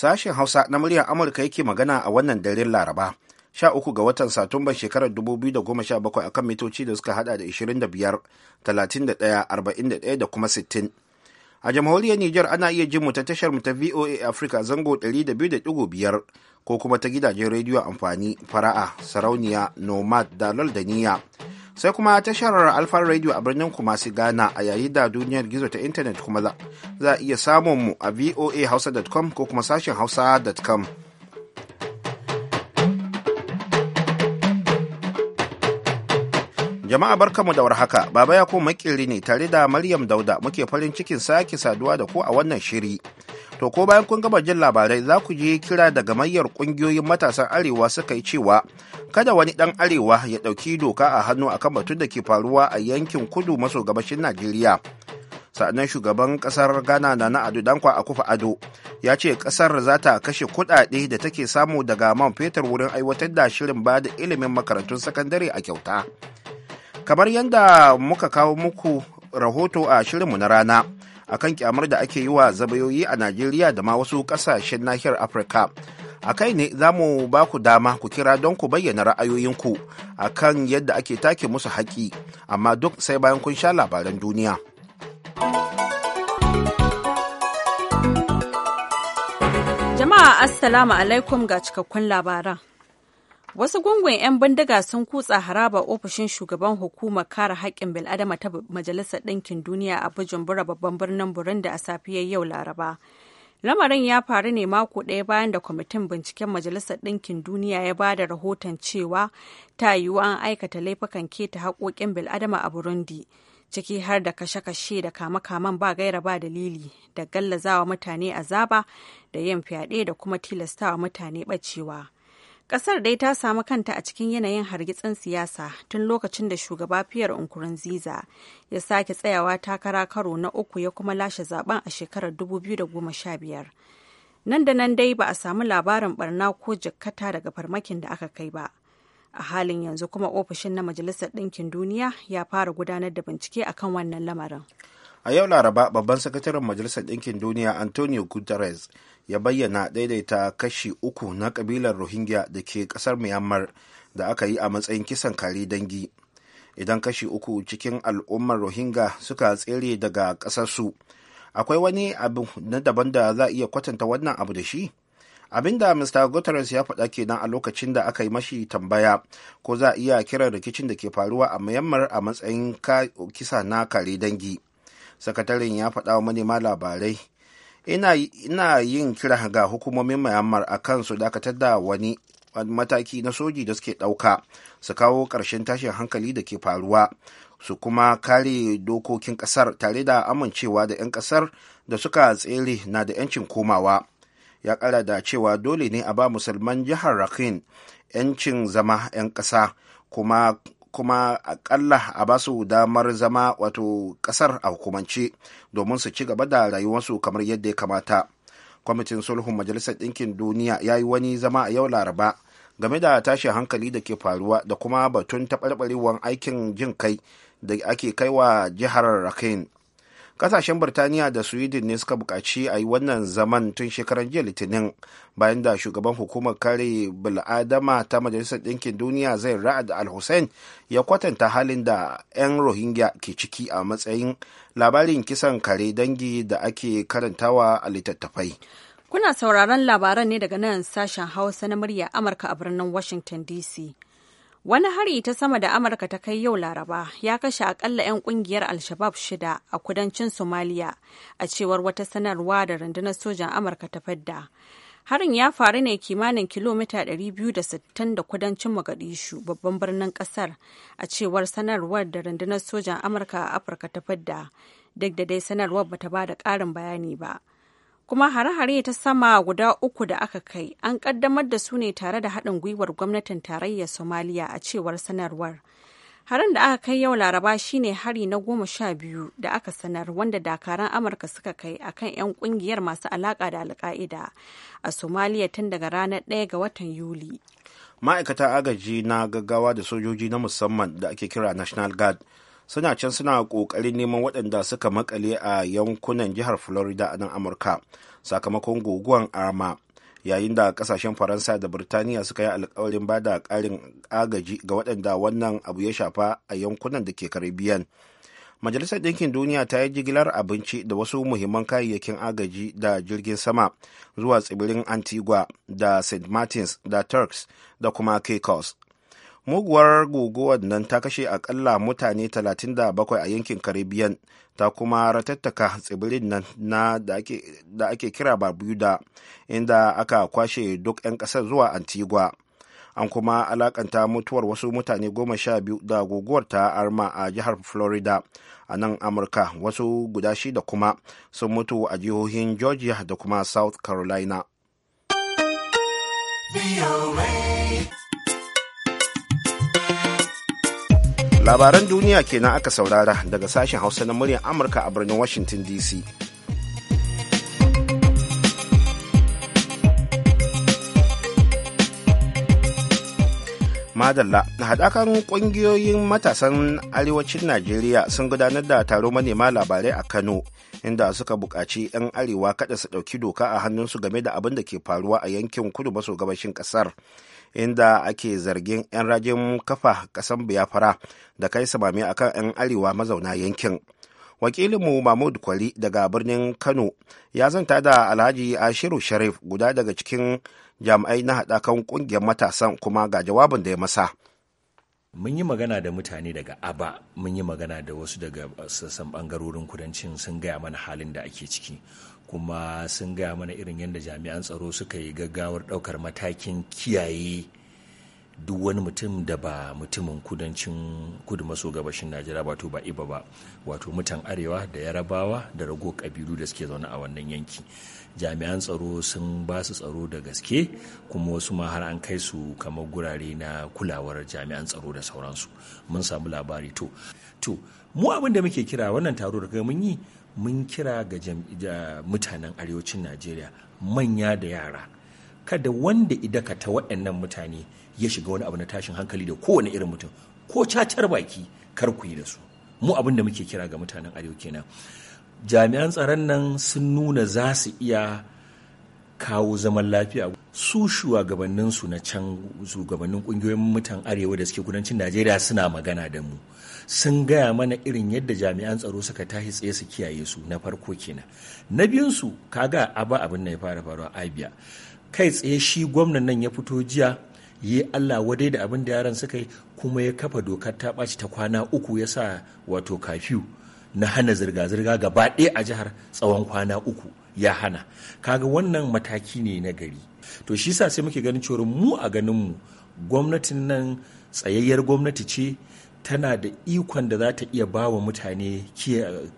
Sashen Hausa na muryar Amurka yake magana a wannan daren Laraba, sha uku ga watan Satumban shekarar goma sha 2017 akan mitoci da suka hada da 25, 31, 41 da kuma sittin. A jamhuriyar Nijar ana iya jin mu ta tashar mu ta VOA Africa zango da biyu biyar ko kuma ta gidajen rediyo amfani fara'a, sarauniya, nomad, Dalal da niyya. sai kuma tashar alfa radio a birnin kumasi gana a yayi da duniyar gizo ta intanet kuma za a iya samun mu a voahausa.com ko kuma sashen hausa.com jama'a barkamu da warhaka baba ya ko makiri ne tare da maryam dauda muke farin cikin sake saduwa da ku a wannan shiri To ko bayan kun gama jin labarai za ku je kira da gamayyar ƙungiyoyin matasan arewa suka yi cewa kada wani dan arewa ya ɗauki doka a hannu akan batun da ke faruwa a yankin kudu maso gabashin Najeriya. Sa'annan shugaban ƙasar Ghana na Ado Dankwa a Akufa Ado ya ce ƙasar za ta kashe kuɗaɗe da take samu daga man fetur wurin aiwatar da shirin ba da ilimin makarantun sakandare a kyauta. Kamar yadda muka kawo muku rahoto a shirinmu na rana. akan kyamar da ake yi wa zabayoyi a Najeriya da ma wasu ƙasashen nahiyar Afirka. A kai ne za mu ba ku dama ku kira don ku bayyana ra'ayoyinku a kan yadda ake take musu haƙi, amma duk sai bayan kun sha labaran duniya. Jama'a Assalamu alaikum ga cikakkun labaran. Wasu gungun 'yan bindiga sun kutsa haraba ofishin shugaban hukumar kare haƙƙin bil'adama ta Majalisar Ɗinkin Duniya a Bujumbura babban birnin Burundi a safiyar yau Laraba. Lamarin ya faru ne mako ɗaya bayan da kwamitin binciken Majalisar Ɗinkin Duniya ya ba da rahoton cewa ta yiwu an aikata laifukan keta haƙoƙin bil'adama a Burundi, ciki har da kashe-kashe da kama-kaman ba gaira ba dalili, da gallazawa mutane azaba da yin fyaɗe da kuma tilastawa mutane ɓacewa. kasar dai ta samu kanta a cikin yanayin hargitsin siyasa tun lokacin da shugaba Pierre Nkurunziza ya sake tsayawa takara karo na uku ya kuma lashe zaben a shekarar 2015. Nan da nan dai ba a samu labarin barna ko jikkata daga farmakin da aka kai ba. A halin yanzu kuma ofishin na Majalisar Ɗinkin Duniya ya fara gudanar da bincike akan wannan lamarin. a yau laraba babban sakataren majalisar ɗinkin duniya antonio guterres ya bayyana daidaita kashi uku na kabilar rohingya da ke kasar myanmar da aka yi a matsayin kisan kare dangi idan kashi uku cikin al'ummar rohingya suka tsere daga ƙasarsu akwai wani abu na daban da za a iya kwatanta wannan abu da shi abin da mr guterres ya faɗa kenan a lokacin da aka yi mashi tambaya ko za a iya kiran rikicin da ke faruwa a myanmar a matsayin kisa na kare dangi sakataren ya faɗa wa manema labarai ina, yin kira ga hukumomin myanmar a kan su dakatar da wani mataki na soji da suke ɗauka su kawo ƙarshen tashin hankali da ke faruwa su kuma kare dokokin ƙasar tare da amincewa da 'yan ƙasar da suka tsere na da 'yancin komawa ya ƙara da cewa dole ne a ba musulman jihar rakhine 'yancin zama 'yan ƙasa kuma kuma akalla a ba su damar zama wato kasar a hukumance domin su ci gaba da rayuwarsu kamar yadda ya kamata kwamitin sulhun majalisar ɗinkin duniya ya yi wani zama a yau laraba game da tashin hankali da ke faruwa da kuma batun taɓarɓarewar aikin jin kai da ake kaiwa jihar rakhine kasashen birtaniya da sweden ne suka bukaci a yi wannan zaman tun shekaran jiya litinin bayan da shugaban hukumar kare bil'adama ta majalisar ɗinkin duniya zai ra'ad al-hussein ya kwatanta halin da 'yan rohingya ke ciki a matsayin labarin kisan kare dangi da ake karantawa a littattafai kuna sauraron labaran ne daga nan sashen hausa na murya amurka a birnin washington dc Wani hari ta sama da Amurka ta kai yau Laraba ya kashe akalla 'yan kungiyar Alshabab shida a kudancin Somalia, a cewar wata sanarwa da rundunar sojan Amurka ta fadda. Harin ya faru ne kimanin kilomita 260 da kudancin Magadishu babban birnin kasar, a cewar sanarwar da rundunar sojan Amurka a Afirka ta fadda, duk da dai sanarwar bata ba da ƙarin bayani ba. kuma hare-hare ta sama guda uku da aka kai an kaddamar da su ne tare da haɗin gwiwar gwamnatin tarayyar somaliya a cewar sanarwar harin da aka kai yau laraba shine hari na goma sha biyu da aka sanar wanda dakaran amurka suka kai akan 'yan kungiyar masu alaka da alka'ida a somaliya tun daga ranar 1 ga watan yuli ma'aikata agaji na gaggawa da sojoji na musamman da ake kira national guard suna can suna ƙoƙarin neman waɗanda suka makale a yankunan jihar florida a nan amurka sakamakon guguwan arma yayin da kasashen faransa da birtaniya suka yi alkawarin ba da ƙarin agaji ga waɗanda wannan abu ya shafa a yankunan da ke karibiyan majalisar ɗinkin duniya ta yi jigilar abinci da wasu muhimman kayayyakin agaji da jirgin sama zuwa tsibirin antigua da st martins da turks da kuma caicos muguwar guguwar nan ta kashe akalla mutane 37 a yankin caribbean ta kuma ratattaka tsibirin nan na da ake kira barbuda inda aka kwashe duk 'yan ƙasar zuwa antigua an kuma alakanta mutuwar wasu mutane goma sha biyu da guguwar ta arma a jihar florida a nan amurka wasu guda shida kuma sun mutu a jihohin georgia da kuma south carolina. labaran duniya kenan aka saurara daga sashen hausa na muryar amurka a birnin washington dc madalla haɗakan ƙungiyoyin matasan arewacin najeriya sun gudanar da taro manema labarai a kano inda suka buƙaci 'yan arewa kada su ɗauki doka a hannunsu game da abin da ke faruwa a yankin kudu maso gabashin ƙasar inda ake zargin 'yan rajin kafa kasan biyafara da kai samami a kan 'yan arewa mazauna yankin wakilinmu mahmud kwali daga birnin kano ya zanta da alhaji ashiru sharif guda daga cikin jami'ai na haɗakan ƙungiyar matasan kuma ga jawabin da ya masa mun yi magana da mutane daga aba mun yi magana da wasu daga sassan bangarorin kudancin sun gaya mana halin da ake ciki kuma sun gaya mana irin yadda jami'an tsaro suka yi gaggawar ɗaukar matakin kiyaye duk wani mutum da ba mutumin kudancin kudu maso gabashin najeriya wato ba iba ba wato mutan arewa da yarabawa da rago kabilu da suke zaune a wannan yanki jami'an tsaro sun ba su tsaro da gaske kuma wasu ma har an kai su kamar gurare na kulawar jami'an tsaro da sauransu mun samu labari to to mu abin da muke kira wannan taro da mun yi mun kira ga mutanen arewacin najeriya manya da yara kada wanda idaka ta waɗannan mutane ya shiga wani abu na tashin hankali da kowane irin mutum ko cacar baki kar ku yi da su mu abin da muke kira ga mutanen arewa kenan jami'an tsaron nan sun nuna za su iya kawo zaman lafiya su shugabanninsu na can shugabannin kungiyoyin mutan arewa da suke kudancin najeriya suna magana da mu sun gaya mana irin yadda jami'an tsaro suka tashi tsaye su kiyaye su na farko kenan na biyunsu kaga aba abin da ya fara faruwa abia kai tsaye shi gwamnan nan ya fito jiya yi allah wadai da abin da yaran suka yi kuma ya kafa dokar ta ɓaci ta kwana uku ya sa wato kafiyu na hana zirga-zirga gaba ɗaya a jihar tsawon kwana uku ya hana kaga wannan mataki ne na gari to shi sa sai muke ganin cewa mu a ganin mu gwamnatin nan tsayayyar gwamnati ce tana da ikon da za ta iya ba wa mutane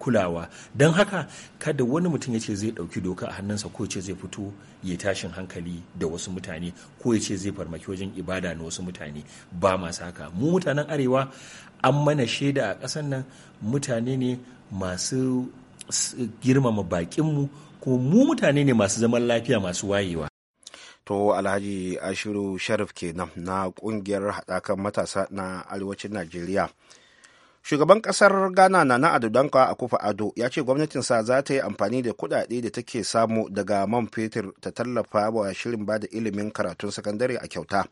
kulawa don haka kada wani mutum ya ce zai ɗauki doka a hannunsa ko ce zai fito ya tashin hankali da wasu mutane ko ya ce zai farmaki wajen ibada na wasu mutane ba masu haka mu mutanen arewa an mana shaida a kasan nan mutane ne masu girmama bakinmu ko mu mutane ne masu zaman lafiya masu wayewa to alhaji ashiru sharif kenan na kungiyar haɗakan matasa na arewacin najeriya shugaban kasar ghana na na danka a kufa ado ya ce gwamnatinsa za ta yi amfani da kuɗaɗe da take samu daga man fetur ta tallafa wa shirin bada ilimin karatun sakandare a kyauta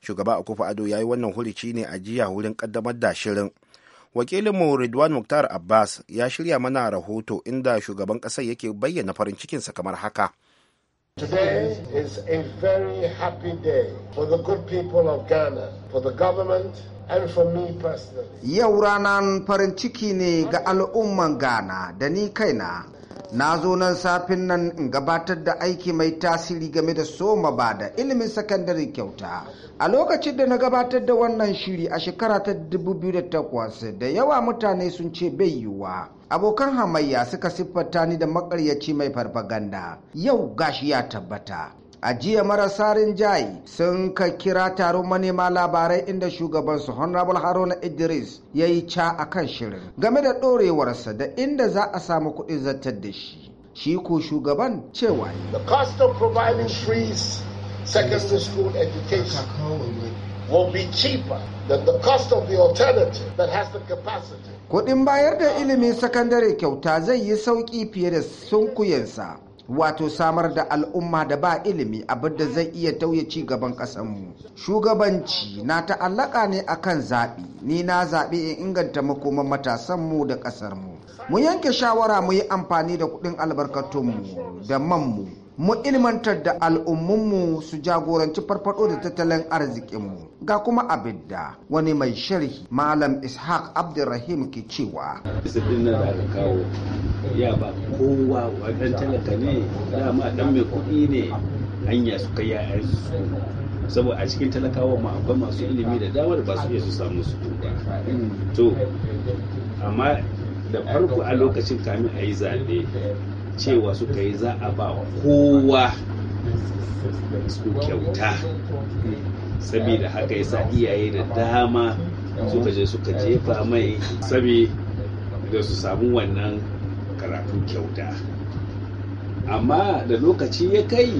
shugaba a kufa ado ya yi wannan hurici ne a jiya wurin kaddamar da shirin wakilinmu ridwan muktar abbas ya shirya mana rahoto inda shugaban kasar yake bayyana farin cikinsa kamar haka Today is a very happy day for the good people of Ghana, for the government, and for me personally. ga al'umman Ghana da ni kaina. na zo nan safin nan in gabatar da aiki mai tasiri game da soma ba da ilimin sakandare kyauta a lokacin da na gabatar da wannan shiri a shekara ta 2008 da yawa mutane sun ce bai yiwuwa abokan hamayya suka siffata ni da makaryaci mai farfaganda yau gashi ya tabbata a jiya marasa rinjaye sun ka kira taron manema labarai inda shugabansu honorable haruna idris ya yi ca a kan shirin game da ɗorewarsa da inda za a samu kuɗin zartar da shi shi ko shugaban cewa the cost of providing free secondary school education will be cheaper than the cost of the alternative that has the capacity Kuɗin bayar da ilimin sakandare kyauta zai yi sauƙi fiye da sunkuyensa wato samar da al'umma da ba ilimi abin da zai iya tauye ci gaban ƙasarmu shugabanci na ta'allaka ne a kan zaɓi ni na zaɓi in inganta makoman matasanmu da ƙasarmu mu yanke shawara mu yi amfani da kuɗin albarkatunmu da manmu mu ilmantar da al'ummunmu su jagoranci farfado da tattalin arzikinmu ga kuma abidda wani mai sharhi malam ishaq abdulrahim ke cewa disiplin da aka kawo ya ba kowa talaka ne dama dan mai kuɗi ne hanya su kai su saboda a cikin talakawa ma akwai masu ilimi da dama da ba su iya su samu su ba to amma da farko a lokacin kamin a yi zaɓe cewa suka yi za a ba kowa su kyauta saboda haka yasa iyaye da dama suka je suka jefa mai saboda su samu wannan karatu kyauta amma da lokaci ya kai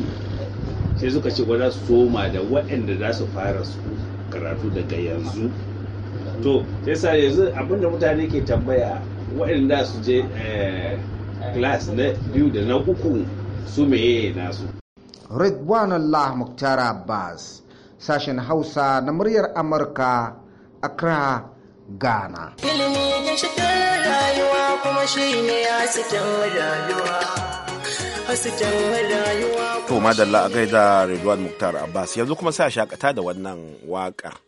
sai suka ce za su soma da waɗanda za su fara su karatu daga yanzu to sai sa yanzu abinda mutane ke tambaya waɗanda su je eh, class na biyu da na uku su meye nasu ridwan allah muktar abbas sashen hausa na muryar amurka accra ghana ilimi ne cikin rayuwa kuma shi ne rayuwa To madalla a gaida Muktar Abbas yanzu kuma sa shakata da wannan waka.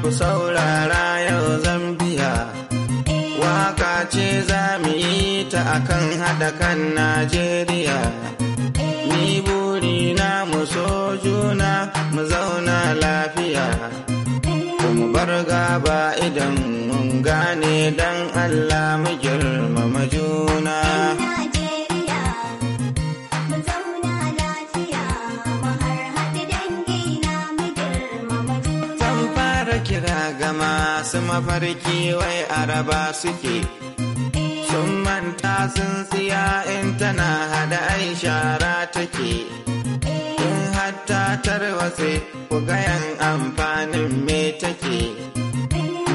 ku saurara yau zambiya waka ce za mu yi ta akan haɗa kan najeriya ni buri na mu so juna mu zauna lafiya kuma bar gaba idan mun gane dan allah mu girma masu mafarki wai araba suke sun manta sun siya in tana hada ai shara take in hatta tarwatse ku gayan amfanin me take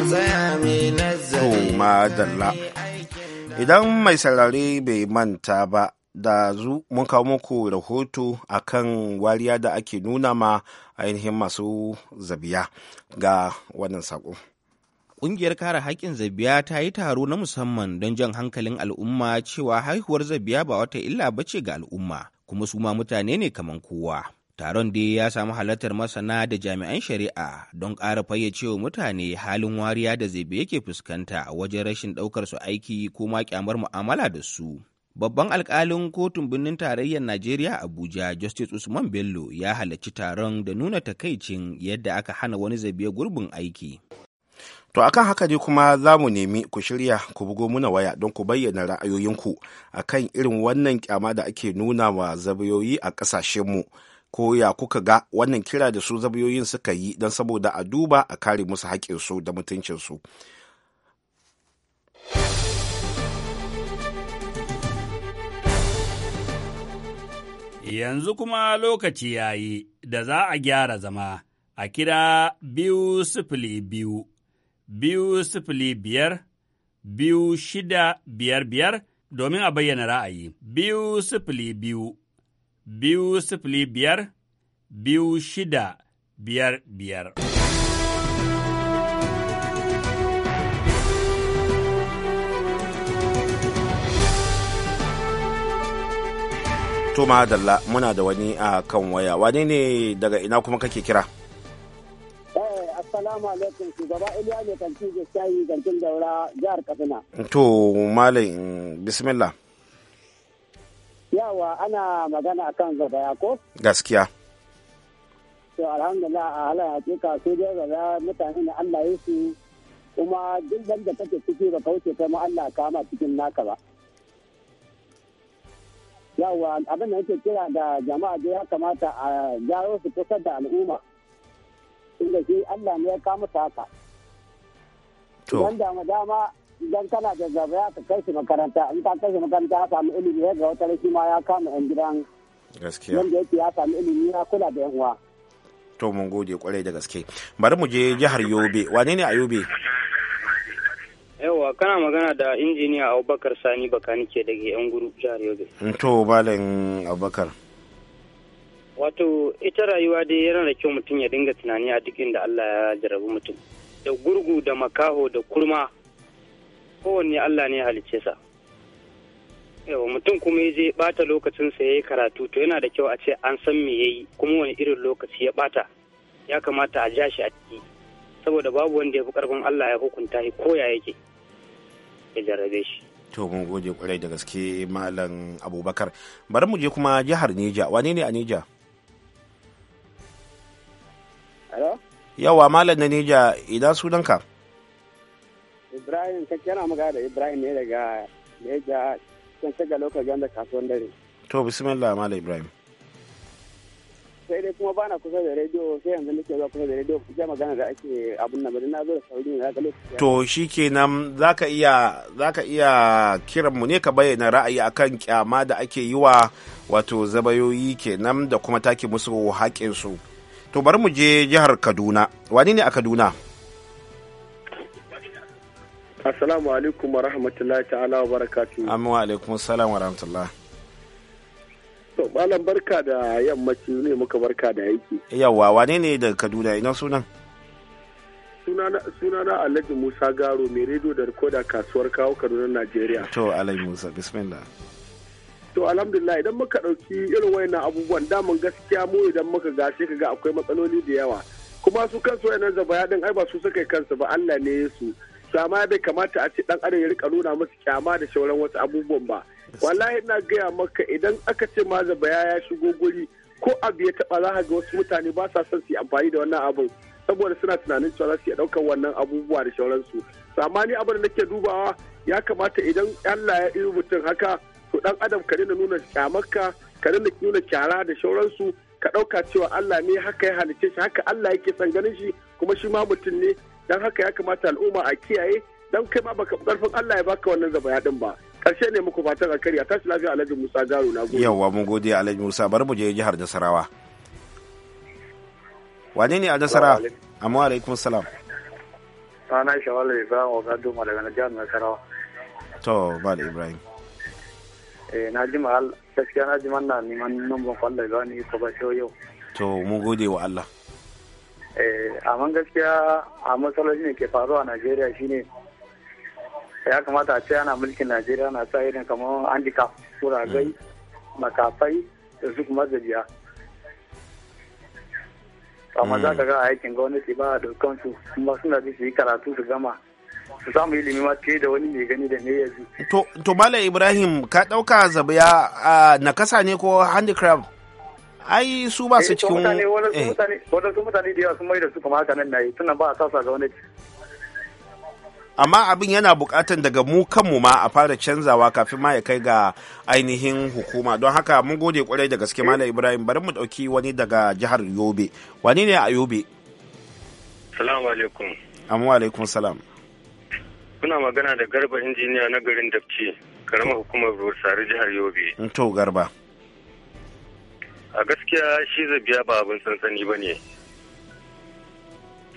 tsaya mai nazari idan mai sarari bai manta ba da zu mun kawo muku rahoto akan wariya da ake nuna ma ainihin masu zabiya ga wannan saƙo. Ƙungiyar kare haƙƙin zabiya ta yi taro na musamman don jan hankalin al'umma cewa haihuwar zabiya ba wata illa ba ce ga al'umma, kuma su ma mutane ne kamar kowa. Taron dai ya samu halartar masana da jami'an shari'a don ƙara fayyacewa mutane halin wariya da zabe yake fuskanta wajen rashin ɗaukar su aiki ko ma kyamar mu'amala da su. Babban alkalin kotun birnin tarayyar Najeriya Abuja Justice Usman Bello ya halarci taron da nuna takaicin yadda aka hana wani zabiya gurbin aiki. To akan haka ne kuma za mu nemi ku shirya ku bugo muna waya don ku bayyana ra'ayoyinku a kan irin wannan kyama da ake nuna wa zabiyoyi a ƙasashenmu. Ko ya kuka ga wannan kira da su zabiyoyin suka yi don saboda a duba a kare musu su da mutuncinsu. Yanzu kuma lokaci yayi da za a gyara zama a kira biyu sifili biyu. biyu sifili biyar biyu shida biyar biyar domin a bayyana ra'ayi biyu sifili biyu biyu sifili biyar biyu shida biyar biyar. Tuma Dalla muna da wani a kan waya, wane ne daga ina kuma kake kira? Assalamu alaikum shugaba Iliya ne kan cije shayi gantin daura jihar Katsina. To malam bismillah. Yawa ana magana akan zabaya ko? Gaskiya. To alhamdulillah a halar hakika su dai zaba mutane na Allah ya su kuma duk wanda kake ciki ba kauce kai ma Allah kama cikin naka ba. Yawa abin da yake kira da jama'a da ya kamata a jaro su kusa da al'umma. inda shi Allah ne ya kama ta haka Wanda madama idan kana da zaba ya ka kai shi makaranta in ka kai shi makaranta ya samu ilimi ya ga wata rashi ma ya kama yan gidan gaskiya wanda yake ya samu ilimi ya kula da yan uwa to mun gode kwarai da gaske bari mu je jihar Yobe wane ne a Yobe Yawwa kana magana da injiniya Abubakar Sani Bakani ke daga yan guru jihar Yobe to malam Abubakar Wato ita rayuwa dai yana da kyau mutum ya dinga tunani a duk inda Allah ya jarabi mutum. Da gurgu da makaho da kurma kowanne Allah ne halicce sa. Yawa mutum kuma ya je bata lokacinsa ya yi karatu to yana da kyau a ce an san me ya yi kuma wani irin lokaci ya bata ya kamata a ja shi a ciki saboda babu wanda ya fi karfin Allah ya hukunta shi ko ya yake ya jarrabe shi. to mun gode kwarai da gaske malam abubakar bari mu je kuma jihar neja wane ne a neja Yawa Malam Naneja idan sunanka? Ibrahim kake yana magana da Ibrahim ne daga Neja can shiga lokacin da kasuwan dare. To bismillah Malam Ibrahim. sai dai kuma bana kusa da rediyo sai yanzu nake zuwa kusa da rediyo kuma magana da ake abun nan bari na zo da sauri ne zaka lokaci to shikenan zaka iya zaka iya kiran mu ne ka bayyana ra'ayi akan kyama da ake yi wa wato zabayoyi kenan da kuma take musu haƙƙin su to bari mu je jihar kaduna wani ne a kaduna assalamu alaikum wa rahmatullahi ta'ala wa barakatu amma wa alaikum assalam wa rahmatullah to malam barka da yammaci ne muka barka da aiki yawa wani ne da kaduna ina sunan sunana alhaji musa garo mai rediyo da rikoda kasuwar kawo kaduna najeriya to alhaji musa bismillah to alhamdulillah idan muka ɗauki irin wayannan abubuwan mun gaskiya mu idan muka ga sai ga akwai matsaloli da yawa kuma su kansu wayannan zabaya din ai ba su suka kansu ba Allah ne su amma bai kamata a ce dan adam ya rika nuna musu kyama da sauran wasu abubuwan ba wallahi ina gaya maka idan aka ce ma zabaya ya shigo guri ko abu ya taba za ga wasu mutane ba sa son su yi amfani da wannan abun saboda suna tunanin cewa za su iya ɗaukar wannan abubuwa da sauransu amma ni abin da nake dubawa ya kamata idan Allah ya iri mutum haka to dan adam ka daina nuna kyamarka ka daina nuna kyara da shauransu ka dauka cewa Allah ne haka ya halice shi haka Allah yake son ganin shi kuma shi ma mutum ne dan haka ya kamata al'umma a kiyaye dan kai ma baka karfin Allah ya baka wannan zabaya din ba karshe ne muku fatan alkari a tashi lafiya Alhaji Musa Garo na gode yawa mun gode Alhaji Musa bar mu je jihar Nasarawa wane ne a Nasarawa amma alaikum salam sana shawala Ibrahim Ogado daga jihar Nasarawa to ba da Ibrahim Eh, na ji na ji manna neman nan kwallo ba ni ko ba yau to mu gode wa Allah eh amma gaskiya a matsalolin da ke faruwa a Najeriya shine ya kamata a ce ana mulkin Najeriya na sa irin kamar handicap kuragai hmm. makafai da su kuma zabiya amma za ka hmm. ga aikin gwamnati ba a daukan kuma suna ji su yi karatu su gama za mu yi limima fiye da wani mai gani da ne yanzu. To, to Malam Ibrahim ka ɗauka zabiya na kasa ne ko handicraft? Ai su ba su eh, cikin wani wadansu eh. mutane da yawa sun mai da su kama haka nan na yi tunan ba a sasa ga wani amma abin yana bukatan daga mu kanmu ma a fara canzawa kafin ma ya kai ga ainihin hukuma don haka mun gode kwarai da gaske malam ibrahim bari mu dauki wani daga jihar yobe wani ne a yobe salamu alaikum amma alaikum salam Kuna magana da Garba injiniya na garin Dabci, karamar hukumar Rosari jihar Yobe. To Garba. A gaskiya shi zabiya ba abin sansani ba ne.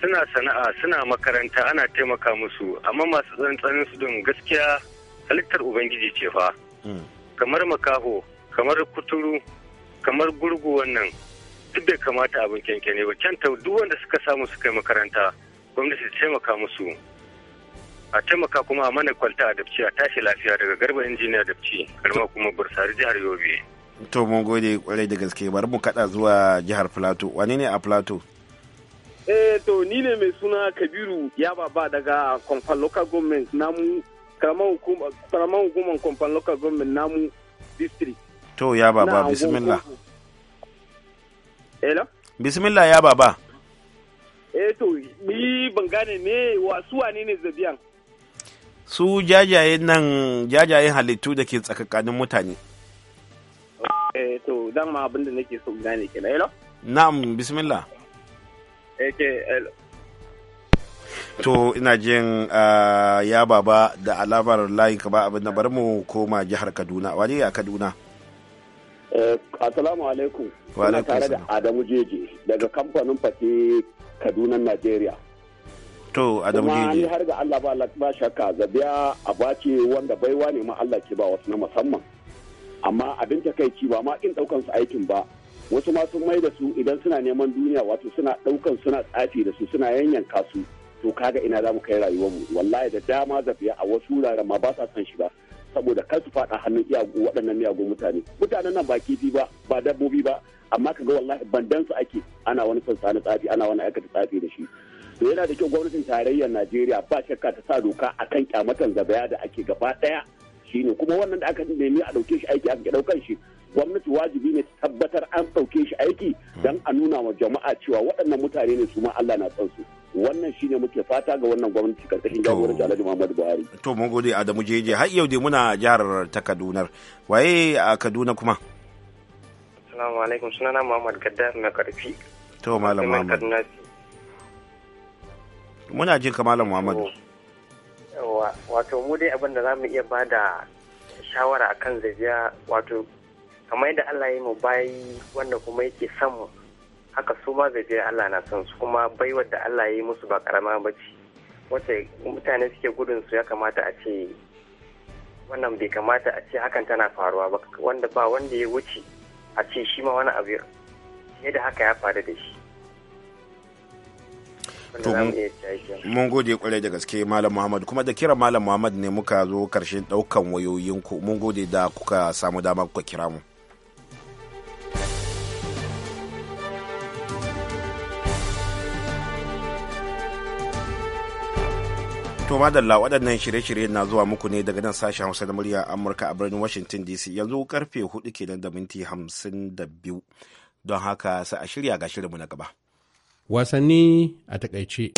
Suna sana'a, suna makaranta, ana taimaka musu, amma masu tsantsanin su don gaskiya halittar Ubangiji ce fa. Hmm. Kamar makaho, kamar kuturu, kamar gurgu wannan duk bai kamata abin kyankyane ba. Kyanta duk wanda suka samu suka yi makaranta, gwamnati taimaka musu. a taimaka kuma a mana kwalta a dabci a tashi lafiya daga garba injiniya dabci karma kuma bursari jihar yobe to mun gode kwarai da gaske bari mu kada zuwa jihar plateau wane ne a plateau eh to ni ne mai suna kabiru ya baba daga kwamfan local government namu karamar hukumar kwamfan local government namu district to ya baba bismillah hello bismillah ya baba eh to ni ban gane ne wa suwa ne ne zabiyan su jajayen nan jajayen halittu da ke tsakakanin mutane eh to dama abin da nake so gane na'am bismillah eh, to ina jin ah, ya baba da alamar layin ka ba abin da bari mu koma jihar kaduna waje a kaduna eh, assalamu alaikum wa alaikum tare da adamu jeje daga kamfanin fate kaduna najeriya To Kuma ni har ga Allah ba ba shakka zabiya a bace wanda baiwa ne ma Allah ke ba wasu na musamman. Amma abin takaici ba ma kin daukan su aikin ba. Wasu ma sun mai da su idan suna neman duniya wato suna daukan suna tsafi da su suna yanyanka su. To kaga ina zamu kai rayuwar mu wallahi da dama zabiya a wasu wuraren ma ba sa shi ba saboda kar su faɗa hannun iyagu waɗannan miyagun mutane mutanen nan ba kifi ba ba dabbobi ba amma kaga wallahi bandan su ake ana wani sansa na tsafi ana wani aikata tsafi da shi to yana da kyau gwamnatin tarayyar najeriya ba shakka ta sa doka kan kyamatan zabaya da ake gaba daya shine kuma wannan da aka nemi a dauke shi aiki aka daukan shi gwamnati wajibi ne ta tabbatar an dauke shi aiki dan a nuna wa jama'a cewa waɗannan mutane ne su ma Allah na son su wannan shine muke fata ga wannan gwamnati karkashin jagoranci Alhaji Muhammadu Buhari to mun gode Adamu Jeje har yau dai muna jihar ta Kaduna waye a Kaduna kuma Assalamu alaikum sunana Muhammad Gaddar na karfi to malam Muhammad muna jin malam muhammadu wato mu dai abin da za mu iya bada shawara akan zabiya wato kamar yadda Allah ya mu bayi wanda kuma yake son mu haka su ma zabiya Allah na son su kuma baiwar da Allah ya yi musu ba karama ba ce wacce mutane suke gudun su ya kamata a ce wannan bai kamata a ce hakan tana faruwa ba wanda ba wanda ya wuce a ce shi ma wani abu fiye da haka ya faru da shi to mun gode kwarai da gaske malam muhammad kuma da kira malam muhammad ne muka zo karshen daukan wayoyinku mun gode da kuka samu dama kuka kira mu to madalla waɗannan shirye-shirye na zuwa muku ne daga nan sashen hausa da murya amurka a birnin washington dc yanzu karfe hudu kenan da minti hamsin da biyu don haka sai a shirya ga shirinmu na gaba wasanni a takaice.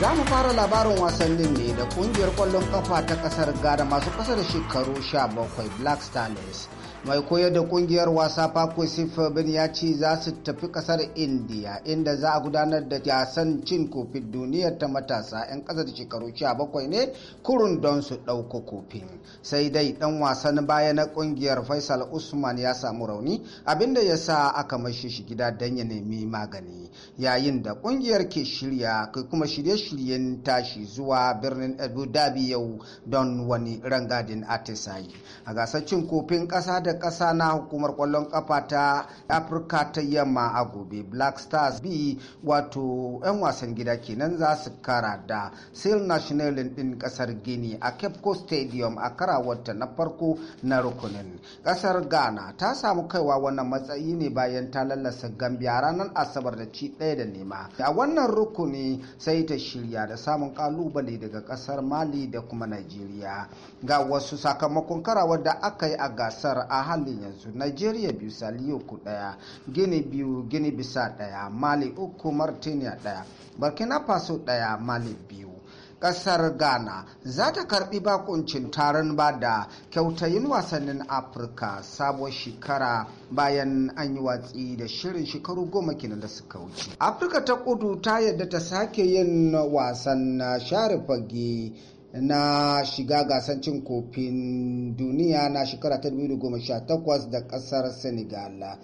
Za mu fara labarin wasannin ne da kungiyar kwallon kafa ta kasar Ghana masu ƙasa da shekaru 17 Black Stars mai koyar da kungiyar wasa Paco Sifabin ya ce za su tafi kasar Indiya, inda za a gudanar da yasan cin kofin duniyar ta matasa 'yan kasar shekaru 17 ne kurun don su ɗauko kofin. Sai dai 'dan wasan baya na kungiyar Faisal Usman ya samu rauni abinda ya sa aka mashi shi gida don ya nemi magani. yayin da kungiyar ke shirya kai kuma shirye-shiryen tashi zuwa birnin abu dhabi yau don wani rangadin atisayi a gasar cin kofin ƙasa da ƙasa na hukumar kwallon kafa ta afirka ta yamma a gobe black stars b wato 'yan wasan gida kenan za su kara da sil national din ƙasar gini a cape coast stadium a karawarta na farko na rukunin ƙasar ghana ta samu kaiwa wannan matsayi ne bayan ta lallasa gambia ranar asabar da lokaci ɗaya da nema a wannan rukuni sai ta shirya da samun kalubale daga ƙasar mali da kuma najeriya ga wasu sakamakon karawar da aka yi a gasar a halin yanzu najeriya biyu saliyo ku ɗaya gini biyu gini bisa ɗaya mali uku martini ɗaya barkina faso ɗaya mali biyu kasar ghana za ta karbi bakuncin taron ba da kyautayin wasannin afirka sabon shekara bayan an yi watsi da shirin shekaru goma kenan da suka wuce afirka ta kudu ta yadda ta sake yin wasan na share fage na shiga gasar cin kofin duniya na shekara ta 2018 da kasar senegal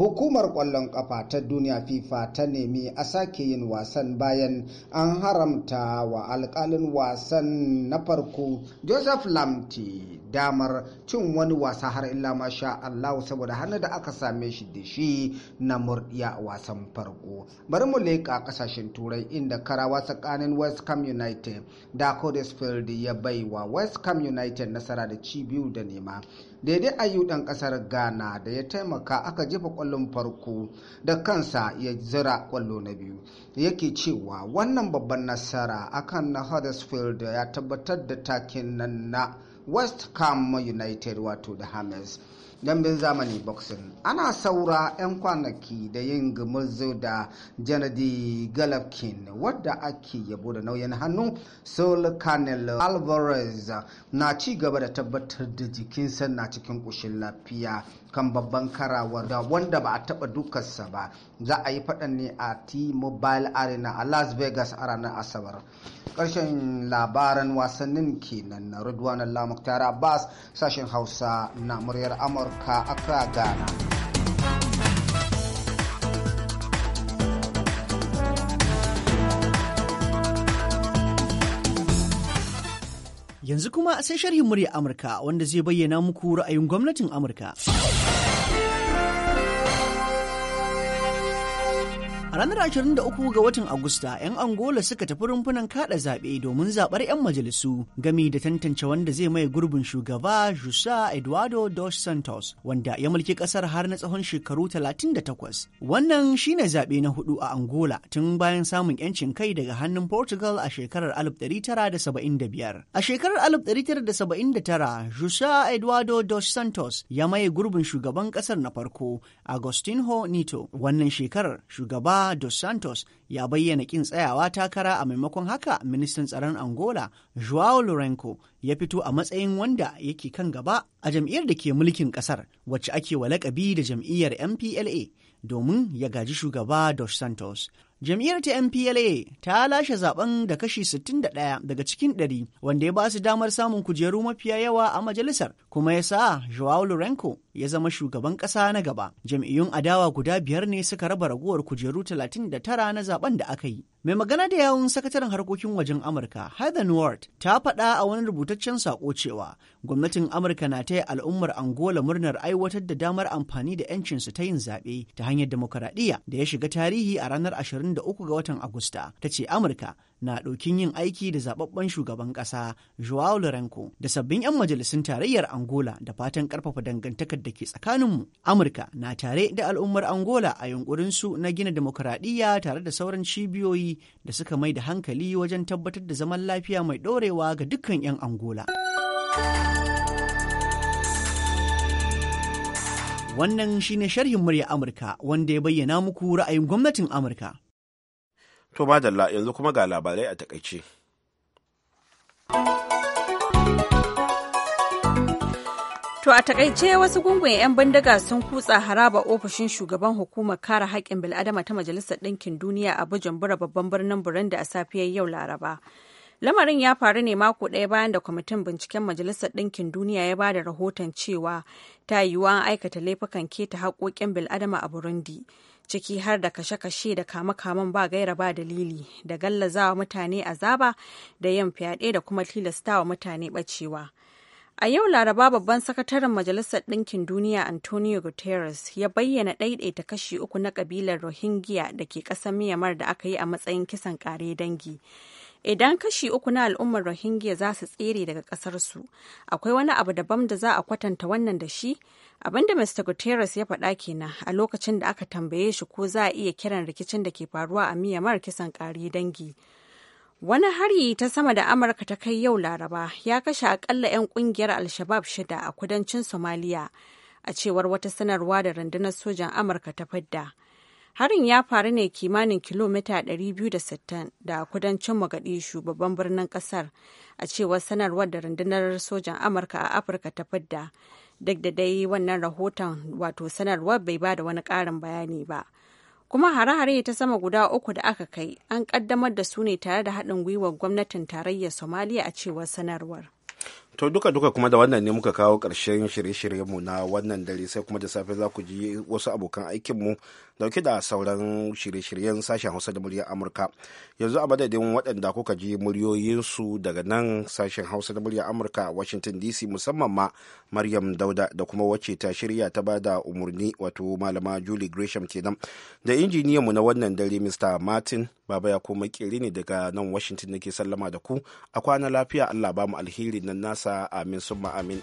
hukumar kwallon kafa ta duniya fifa ta nemi a sake yin wasan bayan an haramta wa alkalin wasan na farko joseph lamti damar cin wani wasa har illa masha Allah saboda hannu da aka same shi da shi na murdiya wasan farko bari mu leƙa kasashen turai inda karawa tsakanin west ham united da codesfield ya baiwa west ham united nasara da ci biyu da nema daidai ayu ɗan ƙasar ghana da ya taimaka aka jefa kwallon farko da kansa ya zira kwallo na biyu yake cewa wannan babban nasara akan na huddersfield ya tabbatar da takin nan na west ham united wato da hammers dambin zamani boxing ana saura 'yan kwanaki da yin gumurzu da janadi galapkin wadda ake yabo da nauyin hannu sol canel alvarez na ci gaba da tabbatar da jikinsa na cikin ƙushin lafiya kan babban karawar da wanda ba a taba dukansa ba za a yi faɗan ne a t-mobile arena a las vegas a ranar asabar Karshen labaran wasannin kenan na rudwan bas abbas sashen hausa na muryar amurka accra ghana yanzu kuma sai sharhin murya Amurka wanda zai bayyana muku ra'ayin gwamnatin Amurka. A ranar 23 ga watan Agusta, 'yan Angola suka tafi rumfunan kada zaɓe domin zaɓar 'yan majalisu gami da tantance wanda zai mai gurbin shugaba Jusa Eduardo dos Santos, wanda ya mulki ƙasar har na tsawon shekaru 38. Wannan shi ne zaɓe na hudu a Angola tun bayan samun 'yancin kai daga hannun Portugal a shekarar 1975. A shekarar 1979, Jusa Eduardo dos Santos ya maye gurbin shugaban ƙasar na farko, Agostinho Nito. Wannan shekarar shugaba Dos Santos ya bayyana ƙin tsayawa takara a maimakon haka ministan tsaron Angola Joao Lourenco ya fito a matsayin wanda yake kan gaba a jam'iyyar da ke mulkin ƙasar wacce ake wa lakabi da jam'iyyar MPLA domin ya gaji shugaba Dos Santos. Jam'iyyar ta MPLA ta lashe zaben da kashi 61 daga cikin 100 wanda ya ba su damar samun kujeru mafiya yawa a majalisar kuma ya sa Joao Lourenco ya zama shugaban ƙasa na gaba. Jam'iyyun adawa guda biyar ne suka raba ragowar kujeru 39 na zaben da aka yi. Mai magana da yawun sakataren harkokin wajen Amurka, Heather Ward, ta faɗa a wani rubutaccen saƙo cewa gwamnatin Amurka na taya al'ummar Angola murnar aiwatar da damar amfani da 'yancinsu ta yin zaɓe ta hanyar demokaradiyya da ya shiga tarihi a ranar 23 ga watan Agusta. Ta ce Amurka na ɗokin yin aiki da zaɓaɓɓen shugaban ƙasa Joao Lorenco da sabbin 'yan majalisun tarayyar Angola da fatan ƙarfafa dangantakar da ke tsakaninmu. Amurka na tare da al'ummar Angola a yunƙurinsu na gina demokuraɗiyya tare da sauran cibiyoyi da suka mai da hankali wajen tabbatar da zaman lafiya mai ɗorewa ga dukkan 'yan Angola. Wannan shine sharhin murya Amurka wanda ya bayyana muku ra'ayin gwamnatin Amurka. To madalla yanzu kuma ga labarai a takaice. To a takaice wasu gungun 'yan bindiga sun kutsa haraba ofishin shugaban hukumar kare haƙƙin bil'adama ta Majalisar Ɗinkin Duniya a Bujumbura babban birnin Burundi a safiyar yau Laraba. Lamarin ya faru ne mako ɗaya bayan da kwamitin binciken Majalisar Ɗinkin Duniya ya ba da rahoton cewa ta yiwuwa an aikata laifukan keta haƙoƙin bil'adama a Burundi. ciki har da kashe-kashe da kama-kaman ba gaira ba dalili da gallazawa mutane azaba da yin fyaɗe da kuma tilastawa mutane ɓacewa. A yau Laraba babban sakataren Majalisar Ɗinkin Duniya Antonio Guterres ya bayyana ɗaiɗaita kashi uku na ƙabilar Rohingya da ke ƙasar Myanmar da aka yi a matsayin kisan ƙare dangi. Idan kashi uku na al'ummar Rohingya za su tsere daga ƙasarsu, akwai wani abu daban da za a kwatanta wannan da shi? Abinda Mr. Guterres ya faɗa kenan a lokacin da aka tambaye shi ko za a iya kiran rikicin da ke faruwa a miyamar kisan ƙari dangi. Wani hari ta sama da Amurka ta kai yau Laraba ya kashe akalla 'yan kungiyar Alshabab shida a kudancin Somaliya, a cewar wata sanarwa da rundunar sojan Amurka ta fidda. Harin ya faru ne kimanin kilomita 260 da kudancin Mogadishu babban birnin kasar a cewar sanarwar da rundunar sojan Amurka a Afirka ta fidda. Duk da dai wannan rahoton wato sanarwar bai ba da wani ƙarin bayani ba. Kuma hare-hare ta sama guda uku da aka kai an ƙaddamar da su ne tare da haɗin gwiwar gwamnatin tarayyar Somaliya a cewar sanarwar. to duka duka kuma da wannan ne muka kawo ƙarshen shirye-shiryenmu na wannan dare sai kuma da safe za ku ji wasu abokan aikinmu dauke da sauran shirye-shiryen sashen hausa da muryar amurka yanzu a madadin waɗanda kuka ji muryoyinsu daga nan sashen hausa da muryar amurka washington dc musamman ma maryam dauda da kuma wacce ta shirya ta ba da umarni wato malama julie gresham kenan da mu na wannan dare mr martin baba ya koma ne daga nan washington nake sallama da ku a kwana lafiya allah ba mu alheri nan nasa ƙasa amin suma amin